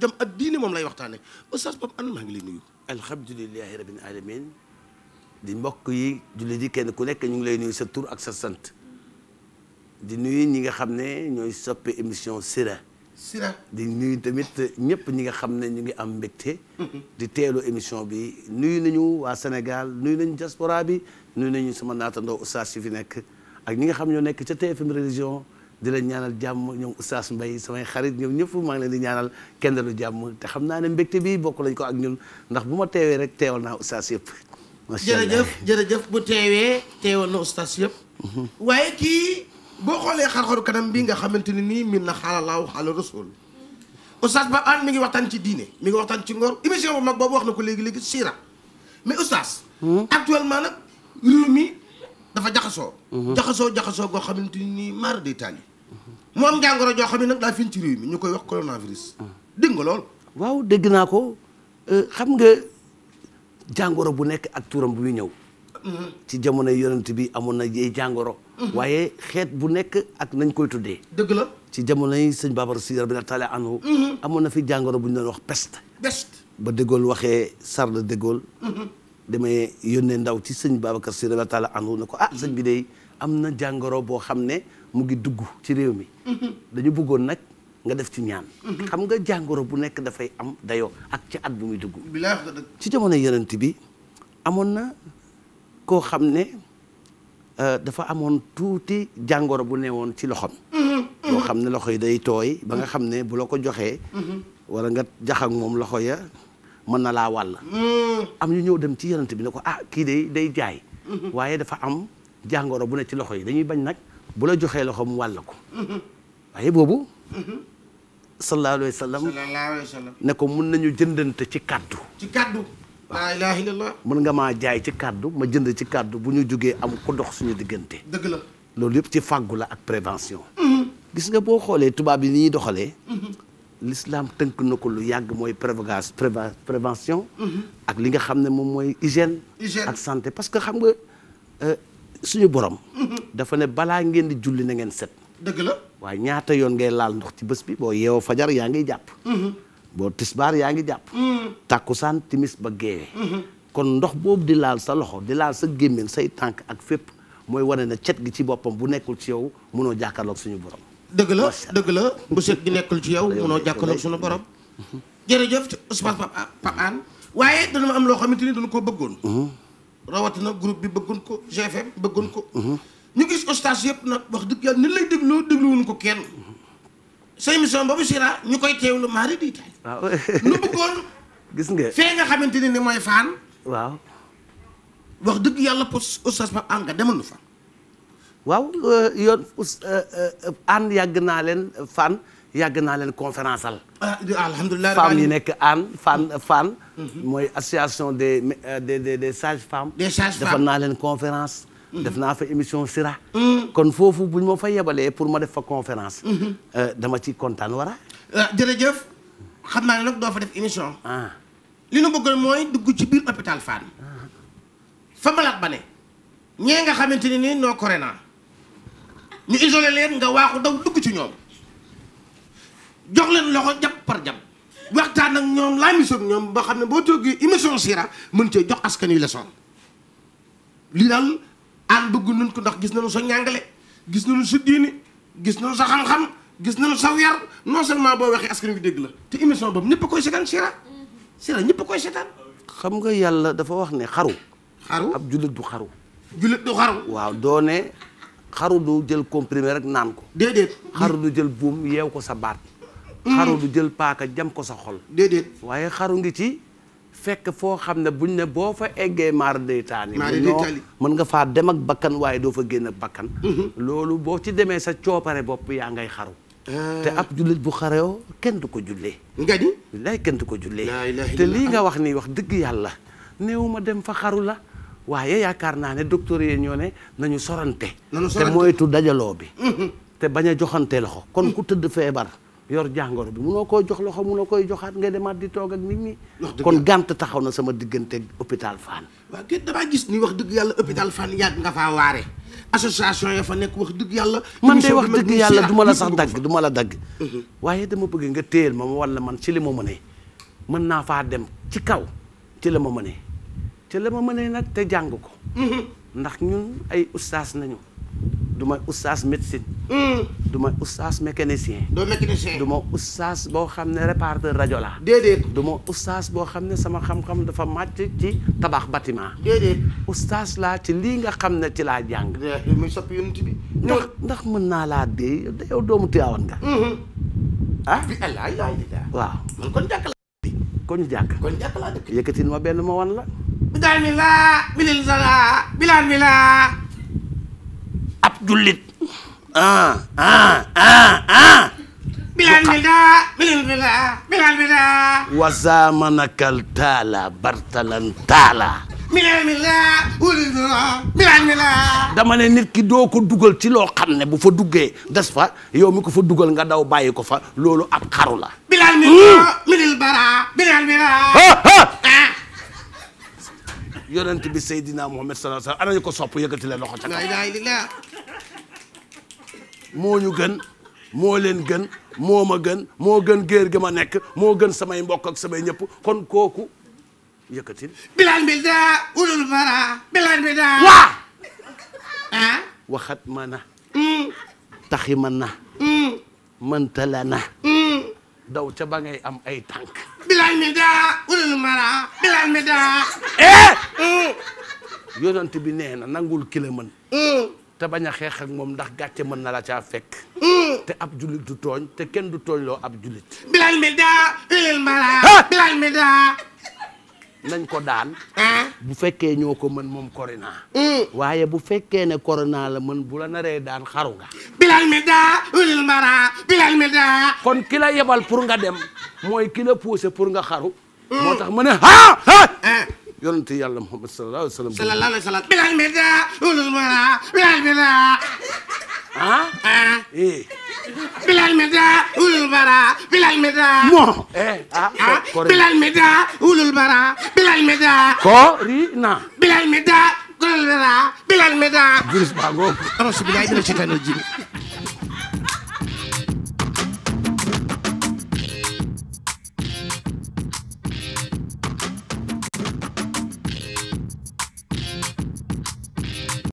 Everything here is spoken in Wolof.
jom ak diine moom lay waxtaane oustaz Pape Hann maa ngi lay nuyu alhamdulilahi rabbil alamin di mbokk yi julli di kenn ku nekk ñu ngi lay nuyu sa tur ak sa sant di nuyu ñi nga xam ne ñooy soppe émission Sira Sira di nuyu tamit ñëpp ñi nga xam ne ñu ngi am mbégte di teelu émission bi nuyu nañu waa Sénégal nuyu nañu diaspora bi nuyu nañu sama naatandoo oustaz si fi nekk ak ñi nga xam ñoo nekk ca TFM religion di leen ñaanal jàmm ñoom oustaz mbay samay xarit ñoom ñëpp maa ngi leen di ñaanal kenn lu jàmm te xam naa ne mbégte bi bokk lañ ko ak ñun ndax bu ma teewee rek teewal naa oustaz yëpp. macha allah jërëjëf jërëjëf bu teewee teewal na oustaz yëpp. Mhm. waaye kii boo xoolee xar-xaru kanam bii nga xamante ne nii min na xaala laahu xaala rasul oustaz ba Hann mi ngi waxtaan ci diine mi ngi waxtaan ci ngor émission bu mag boobu wax na ko léegi léegi siira mais oustaz. Mhm. actuellement nag mi dafa jaxasoo. Mhm. jaxasoo jaxasoo goo xamante ni mar de Italie mu am jàngoro joo xam ne nag daa fi ci mi ñu koy wax coronavirus. dégg nga lool. waaw dëgg naa ko euh, xam nga jàngoro bu nekk ak tuuram bu ñëw. Mm-hmm. ci jamono yonent bi amoon na yee jàngoro. Mm-hmm. waaye xeet bu nekk ak nañ koy tuddee. dëgg la ci jamono yi sëñ Babacar Sy rabbil taala anhu mm-hmm. amoon na fi jàngoro bu ñu doon wax peste. peste ba De waxee Charles de Gaulle. damay yónnee ndaw ci sëñ Babacar Sy rabbil taala ne ko ah sëñ bi de am na jàngoro boo xam ne. mu ngi dugg ci réew mi dañu bëggoon nag nga def ci ñaan xam nga jàngoro bu nekk dafay am dayoo ak ci at bu muy dugg ci jamono yonent bi amoon na koo xam ne euh, dafa amoon tuuti jàngoro bu newoon ci loxom mm-hmm. xam ne loxo yi day tooy ba nga xam ne bu la ko joxee mm-hmm. nga jax moom loxo ya mën na laa wàll mm-hmm. ñu ñëw dem ci yonent bi ne ko ah kii day day jaay waaye dafa am jàngoro bu ne ci loxo yi dañuy bañ nag bu la joxee loxo mu wàll ko waaye boobu sallallahu alayhi wa sallam ne ko mun nañu jëndante ci kàddu ci kàddu laa ilaha illallah mun nga maa jaay ci kàddu ma jënd ci kàddu bu ñu jógee am ku dox suñu diggante dëgg la loolu yëpp ci fàggu la ak prévention mm-hmm. gis nga boo xoolee tubaab yi ni ñuy doxalee mm-hmm. l'islam tënk na ko lu yàgg mooy prévention mm-hmm. ak li nga xam ne moom mooy hygiène ak santé parce que xam nga euh, suñu borom dafa ne balaa ngeen di julli na ngeen set. dëgg la waaye ñaata yoon ngay laal ndox ci bés bi boo yeewoo fajar yaa ngi jàpp. Mm-hmm. boo tisbaar yaa ngi jàpp. Mm-hmm. takkusaan timis ba geewee. Mm-hmm. kon ndox boobu di laal sa loxo di laal sa gémmiñ say tànk ak fépp mooy wane na cet gi ci boppam bu nekkul ci yow munoo jàkkaarloog suñu borom. dëgg la dëgg la bu set gi nekkul ci yow munoo jàkkaarloog suñu borom. jërëjëf oustaz Pape Hann waaye dana ma am loo xamante ni dañu ko bëggoon. rawatina groupe bi bëggoon ko GFM bëggoon ko. ñu gis ostaas yëpp nag wax dëgg yàlla ni lay dégloo dégluwuñ ko kenn sa émission boobu sira ñu koy teewlu maari di taay waaw nu gis nga fee nga xamante ne ni mooy faan waaw wax dëgg yàlla pour ostaas ba anga demal nu fa waaw euh, yoon us aan euh, euh, yàgg naa leen fan yàgg naa leen conférence al ah, alhamdulilah femmes yi nekk aan fan fan mooy association des des des sages femmes. des sages femmes defal naa leen conférence def naa fa émission sira mm. kon foofu buñ ma fa yebalee pour ma def fa conférence mm-hmm. euh, dama ci kontaan wara euh, jërëjëf xam naa ne nag doo fa def émission ah. li nu bëggoon mooy dugg ci biir hôpital Fann ah. fa malaat ba ne ñee nga xamante ni nii noo corona ñu isolé leen nga waaxu daw dugg ci ñoom jox leen loxo jàpp par jàpp waxtaan ak ñoom laa mission ñoom boo xam ne boo toggee émission sira mën cee jox askan wi leçon lii daal aan bëgg nun ko ndax gis nañu sa ñàngale gis nañu sa diini gis nañu sa xam-xam gis nañu sa yar non seulement boo waxee askan wi dégg la te émission doom ñëpp a koy seetaan sira sira ñëpp a koy seetaan xam nga yàlla dafa wax ne xaru xaru ab jullit du xaru jullit du xaru waaw doone xaru du jël comprimé rek naan ko déedéet xaru du jël buum yeew ko sa baat mm. xaru du jël paaka jam ko sa xol waaye xaru ngi ci fekk foo xam ne bu ñu ne boo fa eggee maar day taani mën nga faa dem ak bakkan waaye doo fa génn ak bakkan mhm. loolu boo ci demee sa coopare bopp yaa ngay xaru ah. te ab jullit bu xaroo kenn du ko jullee nga ni ko jullee te lii nga wax nii wax dëgg yàlla néew dem fa xaru la waaye yaakaar naa ne docteur yi ñoo ne nañu sorante te moytu dajaloo bi mhm. te bañ a joxante loxo kon ku mhm. tëdd feebar yor jàngoro bi mu munoo koy jox loxo munoo koy joxaat nga demaat di toog ak nit ñi. kon gànt taxaw na sama diggante hôpital Fann. waaw kii damaa gis ni wax dëgg yàlla hôpital Fann yàgg nga faa waare. association ya fa nekk wax dëgg yàlla. man de wax dëgg yàlla du ma la sax dagg du la dagg. Mhm. waaye dama bëgg nga téyel ma wala man ci li ma mënee. man naa faa dem ci kaw ci la ma mënee. ci la ma mënee nag te jàng ko. Mhm. ndax ñun ay ustaas nañu. du ma oustaz médecine. Hmm. du ma oustaz mécanicien. doo mécanicien du ma oustaz boo xam ne réparateur rajo la déedéet du ma oustaz boo xam ne sama xam-xam dafa màcc ci tabax bâtiment. déedéet oustaz laa ci lii nga xam ne ci laa jàng. muy soppi yonent bi. ndax ndax mën naa laa dee yow doomu Tiwaawan nga. Hmm. ah bi allah ayi waaw man kon jàkka laa dëkk. kon jàkka yëkkatin ma benn ma wan la. bilaal mi laa bilil sa laa bilaal mi laa. jullit ah ah ah ah bilal mi daa bilal mi daa bilal mi daa wasamanakal taala bartalan taala bilal mi daa ulil daa bilal mi daa dama ne nit ki doo ko dugal ci loo xam ne bu fa duggee des fa yow mi ko fa dugal nga daw bàyyi ko fa loolu ab xaru la bilal mi daa milil bara bilal mi daa yonent bi Seydina Muhammad sallallahu alayhi wa sallam ana ñu ko sopp yëkkati leen loxo ca kaw moo ñu gën moo leen gën moo ma gën moo gën géer gi ma nekk moo gën samay mbokk ak samay ñëpp kon kooku yëkkatil bilan bi daa ulul fara bilan bi daa waa ah waxat ma na hmm. taxi ma na hmm. mënta la hmm. daw ca ba ngay am ay tànk bilan bi daa ulul fara bilan bi daa eh yonent bi nee na nangul ki mën te bañ a xeex ak moom ndax gàcce mën na la caa fekk. Hmm. te ab jullit du tooñ te kenn du tooñ loo ab julit bilal mi daa bilal ma laa bilal mi daa. nañ ko daan. bu fekkee ñoo ko mën moom corona. Hmm. waaye bu fekkee ne corona la mën bu la naree daan xaru bilal mi kon ki yebal pour nga dem mooy ki la poussé pour nga xaru. Hmm. moo tax mu ne yonent yàlla Muhammad sallallahu alayhi wa sallam. sallallahu alayhi wa sallam. bilal mi daa ulul mara bilal mi daa. Ah? Eh. Eh. Eh, ah. ah. bilal mi daa ulul mara bilal mi daa. moo. eh ah. ko bilal mi daa ulul mara bilal mi daa. ko ri na. bilal mi daa ulul mara bilal mi daa. virus baa ngoog.